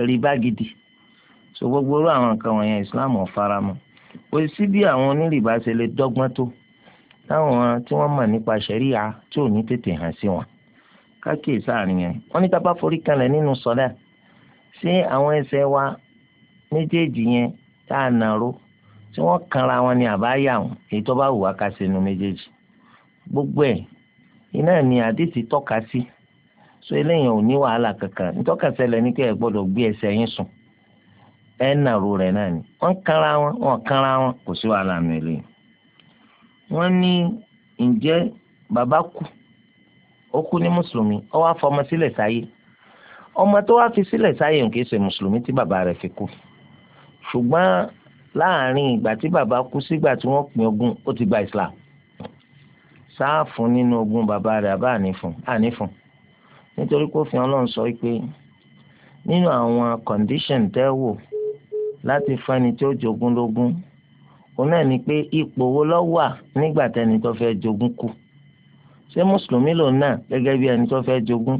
rìbá gidi so gbogbo irú àwọn nǹkan wọ̀nyẹn Islam ò fara mọ́ kò sí bí àwọn onírìbá ṣe lè dọ́gbọ́n tó táwọn tí wọ́n mọ̀ nípa ṣẹ̀ríà tí ò ní tètè hàn sí wọn kákìí sáàrin yẹn wọ́n ní tá bá forí kanlẹ̀ nínú sọ́dà ṣé àwọn ẹsẹ̀ wa méjèèjì yẹn tá a nàró tí wọ́n kanra wọn ni àbáyà wọn èyí tó bá wù wá ká sínú méjèèjì gbogbo ẹ̀ iná ni àdìsí tọ́ka sí so eléyìí ò ní wàhálà kankan nítọ́ka ṣẹlẹ̀ ní pé ẹ gbọ́dọ̀ gbé ẹsẹ̀ yín sùn ẹ nàró rẹ̀ náà ni wọ́n kanra wọn wọ́n kanra wọn kò sí wàhálà mẹ́lẹ̀ wọ́n ní ǹjẹ́ bàbá kú ó kú ní mùsùlùmí ó wá fọmọ sílẹ̀ sáyé ọmọ tó wá fi sílẹ̀ sáyé nǹkan ṣe mùsùlùmí tí bàbá rẹ̀ fi kú ṣùgbọ́n láàárín ìgbà tí bàbá kú sígbà tí wọ́n pín ogún ó ti gba islam sáà fún nínú ogún bàbá rẹ̀ àbá ànífún ànífún nítorí kó fi ọlọ́run sọ pé nínú àwọn condition tẹ́ wò láti fẹ́ni tí ó jogún lógún òun náà ni pé ipò wo ló wà nígbà tẹ́ni tó fẹ́ jogún kú ṣé mùsùlùmí lòun náà gẹ́gẹ́ bí ẹni tó fẹ́ jogún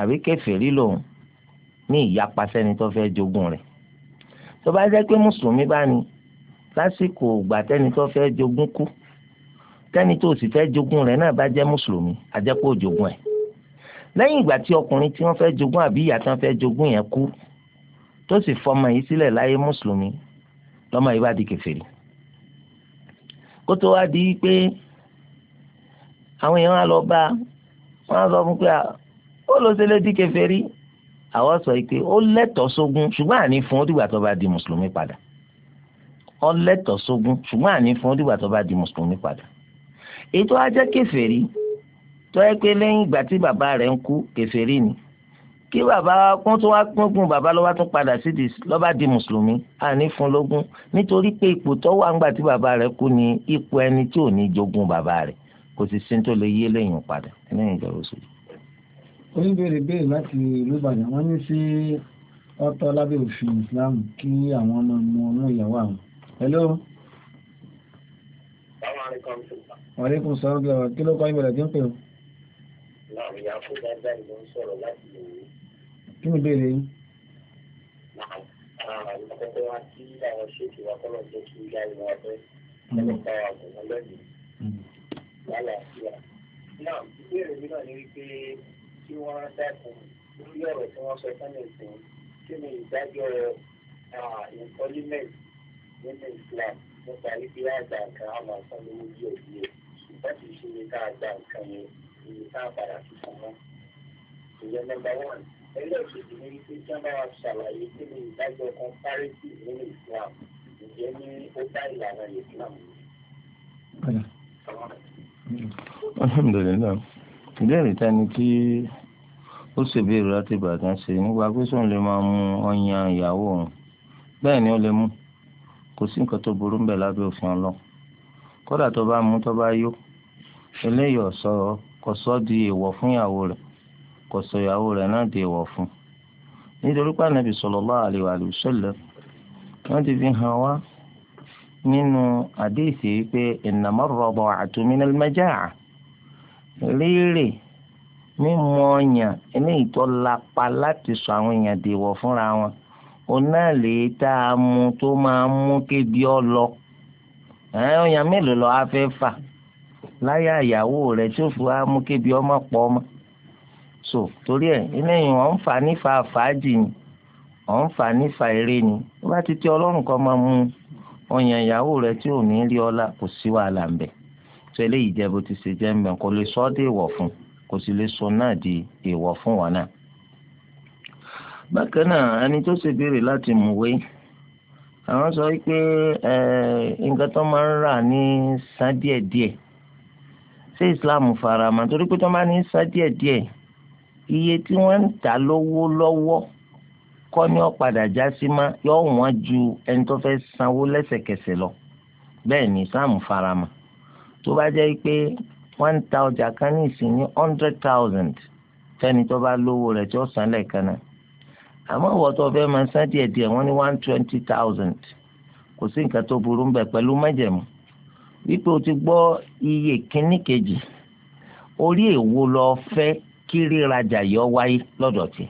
àbí kèfèrí lòun ní ìyapa sẹ́ni tó fẹ́ jogún rẹ̀ tó bá jẹ́ pé mùsùlùmí bá ní lásìkò ìgbà tẹ́ni tó fẹ́ jogún kú tẹ́ni tó sì fẹ́ jogún rẹ̀ náà bá jẹ́ mùsùlùmí àjẹpọ̀ jogún ẹ̀ lẹ́yìn ìgbà tí ọkùnrin tí wọ́n fẹ́ jogún àbí ìyá tí wọ́n fẹ́ jogún yẹn kú tó sì fọmọ yìí sílẹ̀ láyé mùsùlùmí lọ́mọ yìí bá di kèfèrí kó tó wá di pé àwọn èèyàn á lọ bá wọn á sọ fún pé ó lọ sílé di kèfèrí àwọn sọ pé ó lẹ́tọ̀ọ́ sógun ṣùgbọ́n àní fún ó dìgbà tó bá di mùsùlùmí padà ó lẹ́tọ̀ọ́ sógun ṣùgbọ́n àní fún ó dìgbà tó bá di mùsùlùmí padà ètò ajẹ́ kèfèrí tó yẹ pé lẹ́yìn ìgbà tí bàbá rẹ̀ ń kú kèfèrí ni kí bàbá kún tó wá gbógun bàbá lọ́wọ́ tún padà sí di lọ́ba di mùsùlùmí àní fún lógún nítorí pé ipò tó wà ńgbà tí bàbá rẹ̀ kú ni ipò ẹni tí ò ní jogún bàbá rẹ̀ kò sì sí tó lè yé lẹ́yìn padà lẹ́yìn ìgbà oṣù. oníbèrè béèrè láti ìlú Ìbàdàn wọn ní sí ọ̀tọ̀ lábẹ́ òfin Islam kí àwọn ọmọ ọmọ ọmọ ìyàwó àwọn. hello. wàlékún sọ̀rọ̀ bí ọ̀rọ̀ kí ló kọ́ ìbẹ̀rẹ̀ tí ń pè ọ́. láàrin ìyá fún dáadáa ìlú ń sọ̀rọ̀ láti lè wí. kí ni ìbéèrè yín. àkọ́kọ́ wa kí àwọn ṣètò wa kọ́lọ́ jẹ́ kí ilé ayé wa bẹ́ẹ̀ lálàáfíà. Náà ìbéèrè mi náà ni wípé kí wọ́n dákun lórí ọ̀rọ̀ tí wọ́n sọ sọ́nà ìsìn kí ni ìdájọ́ employment nínú Islam nípa wípé àgbà nǹkan àwọn àǹfààní lówó díẹ̀ díẹ̀ láti ṣe ní ká àgbà nǹkan yẹn ìyè ká padà fi fún wọn. Ìyẹn nọ́mbà wán. Ẹlẹ́ẹ̀kejì ni wípé kí wọ́n bá wa ṣàlàyé kí ni ìdájọ́ comparative nínú Islam ìjẹ́ ní ó bá ìlànà Islam. Thank you alhamdulilayi ìbéèrè tani tí ó ṣèbéèrè láti Ìbàdàn ṣe nígbà pé sóun lè máa mú ọyàn ìyàwó òun bẹ́ẹ̀ ni ó lè mú kò sí nǹkan tó burú ńbẹ̀ lábẹ́ òfin ọlọ́ kódà tó bá mú tó bá yó eléyìí ọ̀sọ́ kò sọ di èèwọ̀ fún ìyàwó rẹ̀ kò sọ ìyàwó rẹ̀ náà di èèwọ̀ fún nítorí pé Ànábì sallallahu alaihi wa wọ́n ti fi hàn wá nínú àdéhìsí wípé ìnàmọ́rọ̀bọ àtúmínà mẹ́jà rírè mímu ọyàn eléyìí tó lapa láti sọ àwọn èèyàn dèwọ̀ fúnra wọn oná lè tá a mu tó máa mú kébi ọ lọ ọyàn mélòó lọ á fẹ́ fà láyà ìyàwó rẹ̀ tí ó fi wá mú kébi ọmọ pọ̀ ọmọ so torí ẹ̀ eléyìí wọ́n ń fà nífà fàájì ni wọ́n ń fà nífà eré ni ó bá ti tẹ ọlọ́run kan máa mú un. ọyàn ìyàwó rẹ tí ò ní rí ọlá kò sí wàhálà ń bẹ tó eléyìí jẹ bó ti ṣe jẹ ń bẹ kò lè sọ ọ́ dé ìwọ̀ fún kò sì lè sọ náà di ìwọ̀ fún wọn náà. bákan náà ẹni tó ṣe béèrè láti mùwé àwọn sọ wípé nǹkan tó máa ń rà ní san díẹ̀díẹ̀ ṣé Islam fara mọ́ torí pé tó máa ń ní san díẹ̀díẹ̀ iye tí wọ́n ń tà lówó lọ́wọ́. Lo kọ́ ni ó padà já sí má yóò wọ́n ju ẹni tó fẹ́ sanwó lẹ́sẹ̀kẹsẹ̀ lọ bẹ́ẹ̀ ni sáàmù farama tó bá jẹ́ pé wọ́n ń kan ní ìsìn ní hundred thousand fẹ́ni tó bá lówó rẹ̀ tí ó san lẹ́ẹ̀kan náà àmọ́ ìwọ tó fẹ́ máa san díẹ̀ díẹ̀ wọ́n ní one twenty thousand kò sí nǹkan tó burú ń bẹ̀ pẹ̀lú májẹ̀mú wípé o ti gbọ́ iye kínní kejì orí èwo lọ fẹ́ kí rírajà yọ wáyé lọ́dọ̀ tí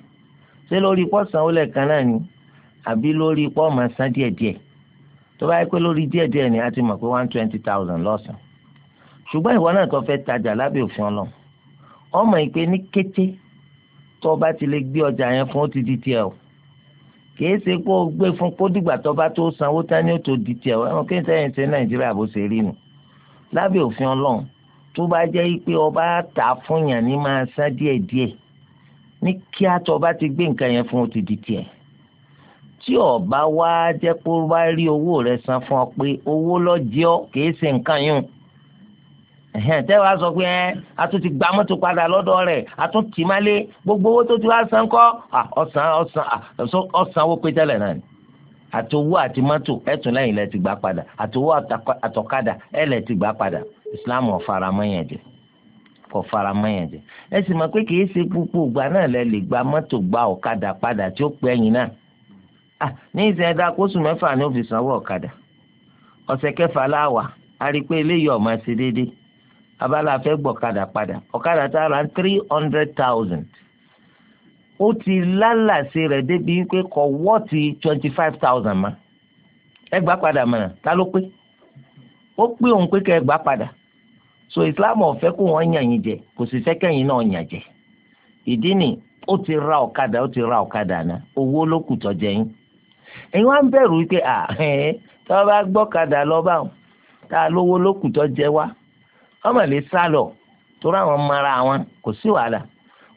ṣé lórí pọ́ sanwó lẹ́ẹ̀kan náà ni àbí lórí pọ́ máa san díẹ̀díẹ̀ tó bá yẹ pé lórí díẹ̀díẹ̀ ni a ti mọ̀ pé one twenty thousand lọ́sàn ṣùgbọ́n ìwọ náà tó fẹ́ tajà lábẹ́ òfin ọlọ́run ọmọ ìpè ní kété tó bá ti lè gbé ọjà yẹn fún ó ti di tiẹ̀ o kìí ṣe kó o gbé fún kó dìgbà tó bá tó sanwó tání ó tó di tiẹ̀ o ẹ̀wọ̀n kí n sẹ́yìn ṣe nàìjíríà bó ṣe rí nu lábẹ́ òfin ọlọ́run tó bá jẹ́ pé ọba tà fún yàn ní máa san díẹ̀díẹ̀ ní kíá tó o bá ti gbé nǹkan yẹn fún ti di tiẹ̀ tí ọba wá jẹ́ pé ó bá rí owó rẹ san fún ọ pé owó lọ́jọ́ kìí ṣe nǹkan yùn tẹ́ wàá sọ pé ẹ́ a tún ti gba mọ́tò padà lọ́dọ̀ rẹ̀ a tún tì má lé gbogbo owó tó ti wá san kọ́ ọ̀sán ọ̀sán ọ̀sán owó pé tẹ́lẹ̀ náà ni àtòwó àti mọ́tò ẹ̀tún lẹ́yìn lẹ́ ti gbà padà àtòwó àtọ̀kadà ẹ̀ lẹ́ ti gbà padà Islam ò yẹn jẹ́. kò fara yẹn jẹ ẹ sì mọ̀ pé kì í náà lẹ gba mọ́tò gba ọ̀kadà padà tí ó pẹ́ yín náà ah ní ìsìn ẹ̀dá kóṣù mẹ́fà ni ó fi sanwó ọ̀kadà ọ̀sẹ̀ kẹfà a rí i pé eléyìí ọ̀ma ṣe déédéé abala fẹ́ padà ọ̀kadà tá a ra three hundred thousand ó ti rẹ̀ débi pé wọ́ ti twenty five thousand ma ẹ so islam ọ̀fẹ́ kó wọ́n yàn yín jẹ kò sì fẹ́ kẹ́yìn náà yàn jẹ ìdí ni ó ti ra ọ̀kadà ó ti ra ọ̀kadà náà owó ló kù tọ́jẹ́ yín ẹ̀yin wá ń bẹ̀rù wípé ẹ̀ tí wọ́n bá gbọ́kadà lọ bá wọn tá a lówó ló kù tọ́jẹ́ wá ọmọ lè sá lọ torí àwọn mara wọn kò sí wàhálà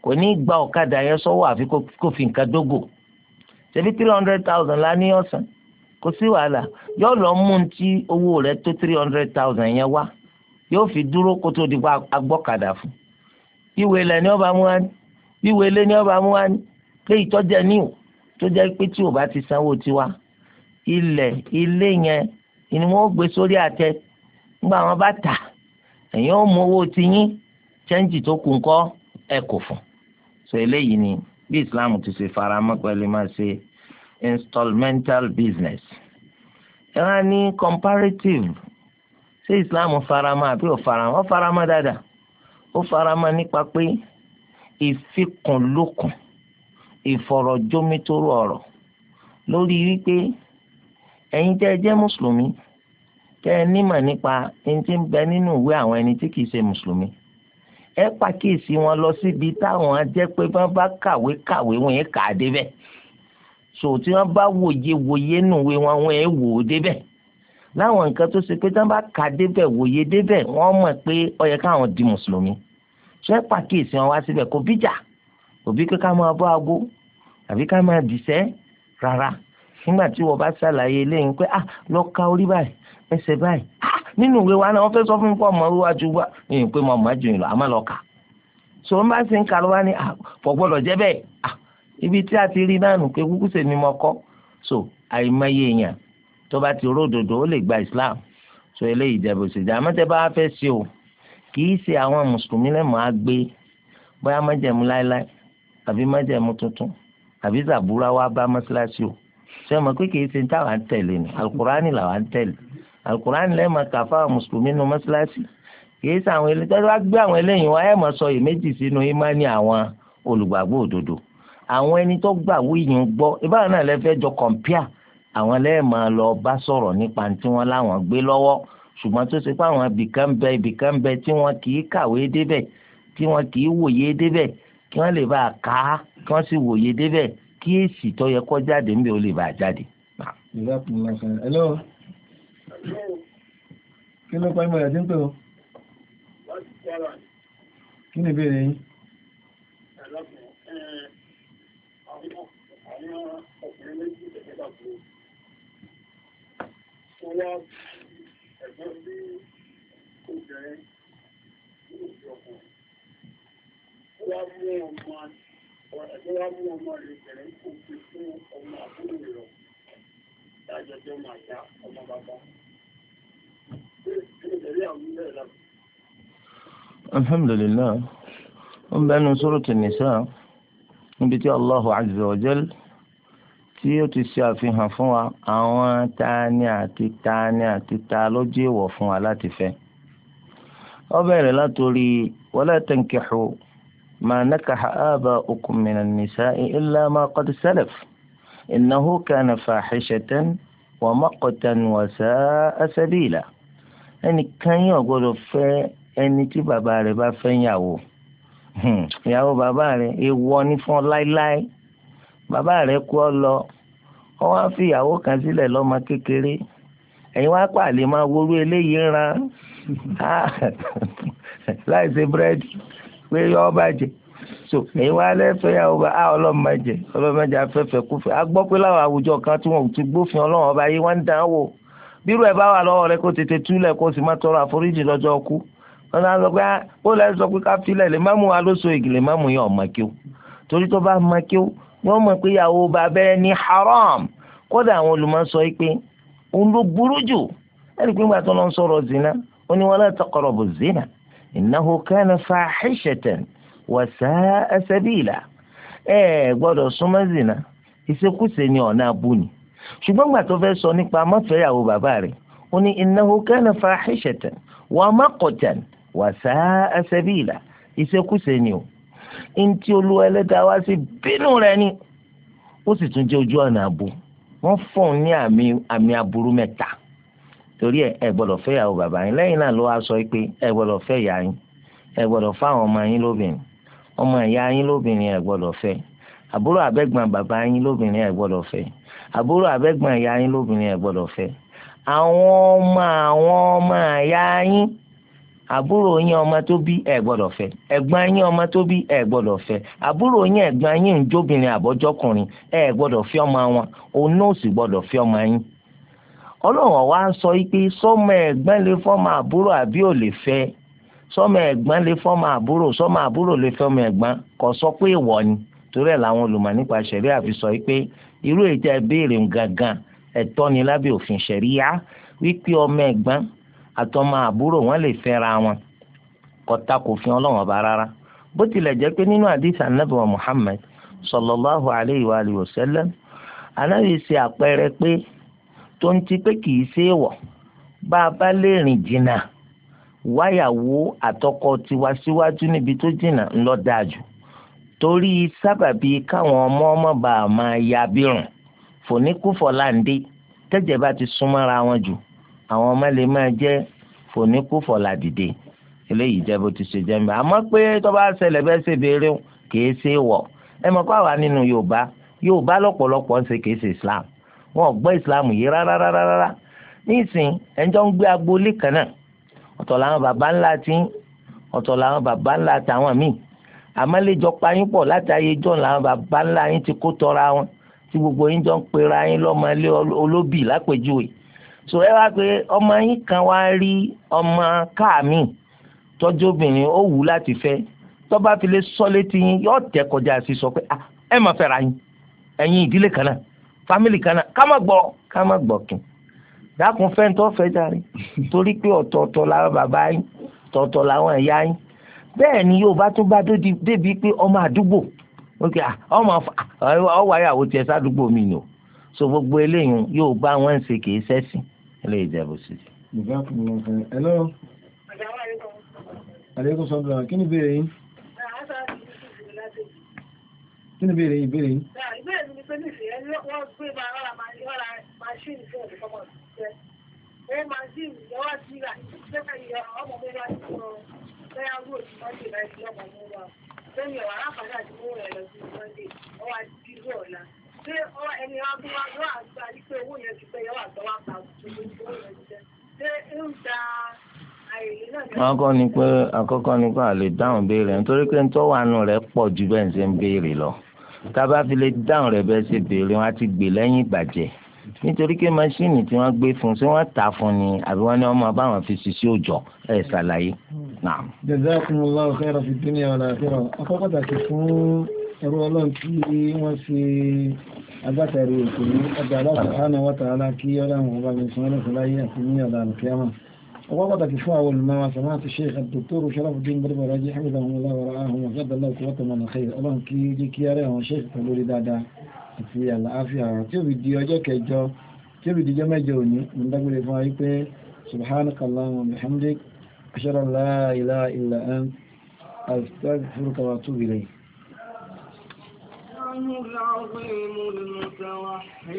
kò ní í gba ọ̀kadà yẹn sọ́wọ́ àfi kó fi nǹkan dógò ṣebí three hundred thousand la ní ọ̀sán kò sí wàhálà yóò lọ mú un tí owó rẹ̀ tó three hundred thousand yẹn wá yóò fi dúró kó tó di pa agbọ́kadà fún ìwé ilẹ̀ ni ọba mú wá ní ìwé ilé ni ọba mú wá ní pé ìtọ́jẹ níwò tó jẹ́ pé tí ò bá ti sanwó tiwa ilẹ̀ ilé yẹn ni wọ́n gbé sórí àtẹ nígbà wọn bá tà ẹ̀yin ó mú owó tiyín chẹ́ǹjì tó kù ńkọ́ ẹ kò fún so eléyìí ni bí Islam ti ṣe faramọ́ pẹ̀lú máa ṣe installmental business ẹ wá ní comparative ṣé islam farama àbí ò farama ó farama dáadáa ó farama nípa pé ìfikùnlukùn ìfọ̀rọ̀jomitoro ọ̀rọ̀ lórí wípé ẹ̀yin tẹ́ ẹ jẹ́ mùsùlùmí tẹ́ ẹ nímọ̀ nípa ẹni tí ń bẹ nínú ìwé àwọn ẹni tí kìí ṣe mùsùlùmí ẹ pàkíyèsí wọn lọ síbi táwọn ajẹ́ pé wọ́n bá kàwé kàwé wọn yẹn kà á débẹ̀ so tí wọ́n bá wòye wòye nùwé wọn wọn yẹn wò ó débẹ̀ láwọn nǹkan tó ṣe pé tí wọ́n bá kà débẹ̀ wòye débẹ̀ wọ́n mọ̀ pé ó yẹ káwọn di mùsùlùmí ṣé pàkíyèsí wọn wá síbẹ̀ kò bíjà kò bí pé ká máa bọ́ aago àbí ká máa dìṣẹ́ rárá nígbà tí wọ́n bá ṣàlàyé eléyìí pé ah lọ ka orí báyìí ẹsẹ̀ báyìí ah nínú ìwé wa náà wọ́n fẹ́ sọ fún mi pé ọmọ orí wa ju wa ìyẹn pé mo mọ̀ jù lọ àmọ́ lọ kà so n bá ṣe ń karọ́ wá ní ah kò gbọ́dọ̀ jẹ́ bẹ́ẹ̀ ah ibi tí a ti rí náà nù pé kúkú sèmi mọ́ kọ́ so àìmọye èèyàn tó bá ti ródòdó ó lè gba islam tó eléyìí jẹ́ bó ṣe jẹ́ àmọ́tẹ́ bá fẹ́ ṣe o kì í ṣe àwọn mùsùlùmí lẹ́mọ̀ á gbé bóyá májẹ̀mú láéláé àbí májẹ̀mú tuntun àbí zàbúrà wá bá mọ́ṣáláṣí o ṣé ọmọ pé kì í ṣe táwa ń tẹ̀lé ni alukurani làwa ń tẹ̀lé alukurani lẹ́mọ̀ kà fáwọn mùsùlùmí nu mọ́ṣáláṣí kì ṣe àwọn eléyìí tó gbé àwọn eléyìí wá ẹ̀ mọ̀ sọ ìméjì sínú ìmánì àwọn olùgbàgbọ́ òdodo àwọn ẹni tó gbà wíyìn gbọ́ ìbára náà lè jọ kọ̀ǹpíà àwọn lẹ́ẹ̀ máa lọ bá sọ̀rọ̀ nípa tí wọ́n láwọn gbé lọ́wọ́ ṣùgbọ́n tó ṣe pé àwọn ibìkan bẹ ibìkan bẹ tí wọ́n kì í kàwé débẹ̀ tí wọ́n kì í wòye débẹ̀ kí wọ́n lè bá a kà á kí wọ́n sì wòye débẹ̀ kí èsì tó yẹ kó jáde níbi ó lè bá a jáde. kí ló pa ìmọ̀lẹ̀ tí ń pè ọ́. kí ni ìbéèrè yín. Eh, àwọn ọkùnrin méjì tẹ̀lé bàbá الحمد لله ومن سورة النساء التي الله عز وجل tí ó ti ṣe àfihàn fún wa àwọn tani àti tani àti ta ló jẹ́ èèwọ̀ fún wa láti fẹ́. ó bẹ̀rẹ̀ látòrí wala tankihu ma nakaha aba'ukum minan nisa'i illa ma qad salaf innahu kana fahishatan wa maqtan wa sa'a sabila. ẹnìkan yín ò gbọ́dọ̀ fẹ́ ẹni tí bàbá rẹ̀ bá fẹ́ yàwó hmm, ìyàwó bàbá rẹ̀ èèwọ̀ ni fún ọ láéláé bàbá rẹ̀ kú ọ lọ wọ́n wá fi ìyàwó kan sílẹ̀ lọ́mọ kékeré ẹ̀yin wá pàlè máa worú eléyìí ran (laughs) láì ṣe búrẹ́dì pé yọ ọ bàjẹ́ so ẹ̀yin wá lẹ́fẹ̀ẹ́ yà wọ́n á ah, ọlọ́mọdé ọlọ́mọdé afẹ́fẹ́ kúfẹ́ a gbọ́ pé láwọn àwùjọ kan tí wọ́n ti gbófin ọlọ́run ọba yìí wọ́n ń dán wò bírú ẹ̀ bá wà lọ́wọ́ rẹ kó tètè túlẹ̀ kó sì má tọrọ àforíjì lọ́jọ́ kú wọn náà sọ pé ah, ó lẹ́ sọ pé ká filẹ̀ lè má mú wa lóṣù lè má mú yàn ọ̀mọ́kíw wọ́n mọ̀ pé ìyàwó bàbá ẹ ní haram kódà àwọn olùmọ̀ sọ pé òun ló burú jù ẹni pé ńgbà tó lọ ń sọ̀rọ̀ zina ó ní wala taqrabu zina innahu kana fahishatan wa sa'a sabila ẹ gbọ́dọ̀ súnmọ́ zina ìṣekúṣe ni ọ̀nà abúni ṣùgbọ́n gbà tó fẹ́ sọ nípa mọ́fẹ́yàwó bàbá rẹ̀ ó ní innahu kana fahishatan wa maqtan wa sa'a ní tí olúwa ẹlẹ́dàá wá sí bínú rẹ̀ ni ó sì tún jẹ́ ojú ọ̀nà àbò wọ́n fọ̀n ní àmì àmì aburú mẹ́ta torí ẹ ẹ gbọ́dọ̀ fẹ́ ìyàwó bàbá yín lẹ́yìn náà ló wá sọ pé ẹ gbọ́dọ̀ fẹ́ ìyá yín ẹ gbọ́dọ̀ fẹ́ àwọn ọmọ yín lóbìnrin ọmọ ìyá yín lóbìnrin ẹ gbọ́dọ̀ fẹ́ àbúrò àbẹ̀gbọ́n bàbá yín lóbìnrin ẹ gbọ́dọ̀ fẹ́ àbúrò àbẹ̀gbọ́n ìyá yín lóbìnrin ẹ gbọ́dọ̀ fẹ́ àwọn ọmọ àwọn ọmọ ìyá yín àbúrò yín ọmọ tó bí ẹ gbọ́dọ̀ fẹ́ ẹ̀gbọ́n yín ọmọ tó bí ẹ gbọ́dọ̀ fẹ́ àbúrò yín ẹ̀gbọ́n yín ń jóbìnrin àbọ́jọ́kùnrin ẹ gbọ́dọ̀ fẹ́ ọmọ wọn òun náà sì gbọ́dọ̀ fẹ́ ọmọ yín ọlọ́run wa ń sọ pé sọ́mọ ẹ̀gbọ́n lè fọ́mọ àbúrò àbí ò lè fẹ́ sọ́mọ ẹ̀gbọ́n lè fọ́mọ àbúrò sọ́mọ àbúrò lè fọ́mọ ẹ̀gbọ́n kò sọ pé ìwọ ni torí ẹ̀ làwọn olùmọ̀ nípa ṣẹ̀ríà fi àtọmọ àbúrò wọn lè fẹ́ra wọn kọta kò fi ọlọ́wọ́n bá rárá bó tilẹ̀ jẹ́ pé nínú àdìsí anábì wa Muhammad sallallahu alayhi wa alihi wa sallam anábì ṣe àpẹẹrẹ pé tó ń ti pé kì í ṣe é wọ̀ bá a bá lè rìn jìnnà wáyàwó àtọkọ tiwa síwájú níbi tó jìnnà ńlọ dáa torí sábàbí káwọn ọmọ ọmọ bá a máa ya bírùn fòníkúfọ̀ láǹdé tẹ́jẹ̀ bá ti súnmọ́ra wọn jù àwọn ọmọ lè máa jẹ́ fòníkúfọ̀lá dìde eléyìí jẹ́ bó ti ṣe jẹ́ mbẹ́ àmọ́ pé tó bá ṣẹlẹ̀ bẹ́ẹ̀ ṣe béèrè kìí ṣe wọ̀ ẹ mọ̀ kó àwa nínú Yorùbá Yorùbá lọ́pọ̀lọpọ̀ ń ṣe kìí ṣe Islam wọn ò gbọ́ Islam yìí rárá rárá rárá nísìn ẹnjọ́ ń gbé agboolé kan náà ọ̀tọ̀ làwọn bàbá ńlá ti ń ọ̀tọ̀ làwọn bàbá ńlá tàwọn míì àmọ́lẹ́jọ payín pọ̀ láti ayé jọ́ làwọn bàbá ńlá yín ti kó tọ́ra wọn tí gbogbo yín jọ ń pera yín lọ́mọ ilé olóbì lápèjúwe so ẹ wá pé ọmọ yín kan wá rí ọmọ káàmì tọ́jú obìnrin ó wù láti fẹ́ tọ́ba fi lè sọ létí yín yóò tẹ́ kọjá sí sọ pé ẹ má fẹ́ra yín ẹ̀yin ìdílé kan náà fámìlì kan náà ká má gbọ́ ká má gbọ́ kìn dákun fẹ́ntọ́ fẹ́ jàre (laughs) torí pé ọ̀tọ̀ọ̀tọ̀ làwọn bàbá yín tọ̀ọ̀tọ̀ làwọn ẹ̀yà yín bẹ́ẹ̀ ni yóò bá tún bá débi pé ọmọ àdúgbò ọmọ ọwọ́ àyàwó tiẹ̀ sádùúgbò mi nù so gbogbo eléyìí yóò bá wọn ṣe kì í ilé ìjẹ̀bù sí. Hello. Àlékún sọ́dọ̀, kí ni ìbéèrè yín? Ah, kí ni ìbéèrè yín? Ìbéèrè yín? Ìbéèrè mi ni pé nífẹ̀ẹ́ wọ́n gbé máa rọ́ra máṣíìnì fún òfin fọ́mọ̀ jẹ́. Ó máa sí ìyọ́wọ́ sí ìlà, ìjọba ìyọ̀ ọmọ mi láti sọ bẹ́ẹ̀ àwọn òṣìṣẹ́ ìlà ìjọba mú wa. Lẹ́yìn ọ̀rá àpàdé àti mú rẹ̀ lọ sí Sunday, wọ́n wá dí ọ̀la ṣé ẹni agbóhánú àgbà yìí pé owó yẹn ti pẹ́ yọ àtọwà pa wọ́n kọ́ ni pé àkọ́kọ́ ni pé a lè dáhùn béèrè nítorí pé ntọ́wánu rẹ̀ pọ̀ ju bẹ́ẹ̀ ń ṣe ń béèrè lọ tábà fi lè dáhùn rẹ̀ bẹ́ẹ̀ ṣe béèrè wọn á ti gbè lẹ́yìn ìbàjẹ́ nítorí pé máṣíìnì tí wọ́n gbé fún ṣé wọ́n tà fún ni àbí wọ́n ní ọmọ báwọn fi ṣiṣẹ́ òòjọ́ ẹ̀ ṣàlàyé. jazakumullahu khairan fid dunya wal akhirah ẹ̀rọ ọlọ́run tí wọ́n fi agbátẹ̀rù òkú ní ọjà aláṣàánà wata aláàkí ọlọ́run ọba mi sọ ọlọ́run láyé àti ní ọ̀dà alùkíyàmà ọwọ́ pàtàkì fún àwọn olùmọ́wà sàmáàtì sheikh dr sharafuddin barbara jí hamdan allah wa rahun wa fadda allah kuwata mana khair ọlọ́run kí jí kí ara àwọn sheikh kan lórí dáadáa àti àlàáfíà tí ó fi di ọjọ́ kẹjọ tí ó fi di الله العظيم المتوحد